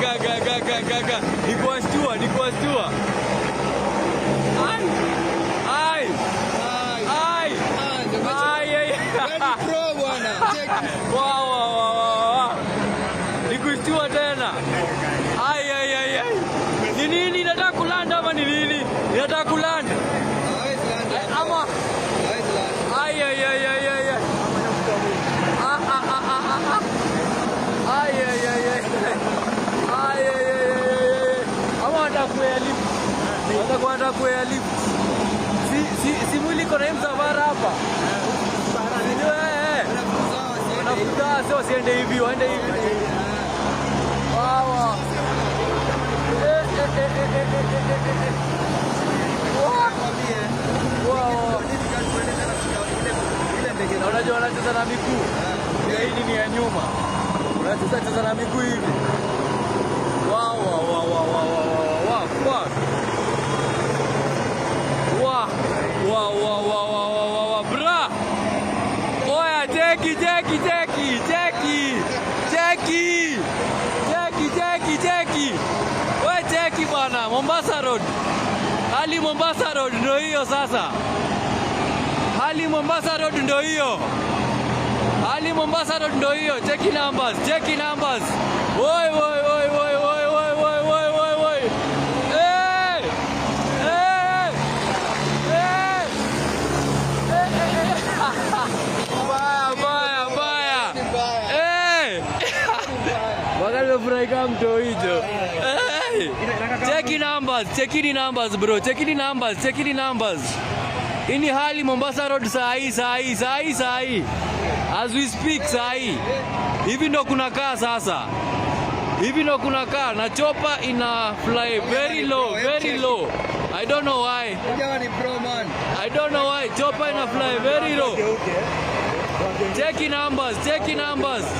kaka, nikuwashtua, nikuwashtua tena. Ni nini nataka kulanda ama ni nini nataka kulanda? kuanza kwea lift. Si, si, si mwili kona hii msafara hapa. Ndio sio wasiende hivi, waende hivi. Wow. Unajua wanacheza na miguu. Hii ni ya nyuma. Unacheza cheza na miguu hivi. Wow, wow, wow, wow, wow. Jackie, Jackie, Jackie, Jackie, Jackie, Jackie, Jackie, we Jackie bwana, Mombasa Road. Hali Mombasa Road ndo hiyo sasa, hali Mombasa Road ndo hiyo, hali Mombasa Road ndo hiyo. Jackie numbers, Jackie numbers, woi woi I come to Ijo. Hey, cheki numbers, in numbers bro, in numbers, in numbers. Ini hali Mombasa Road sahi sahi sahi sahi. As we speak sahi. Hivi ndo kunakaa sasa. Hivi ndo kunakaa na chopa ina fly very low, very low. I don't know why. I don't know why chopa ina fly very low. in numbers, in numbers.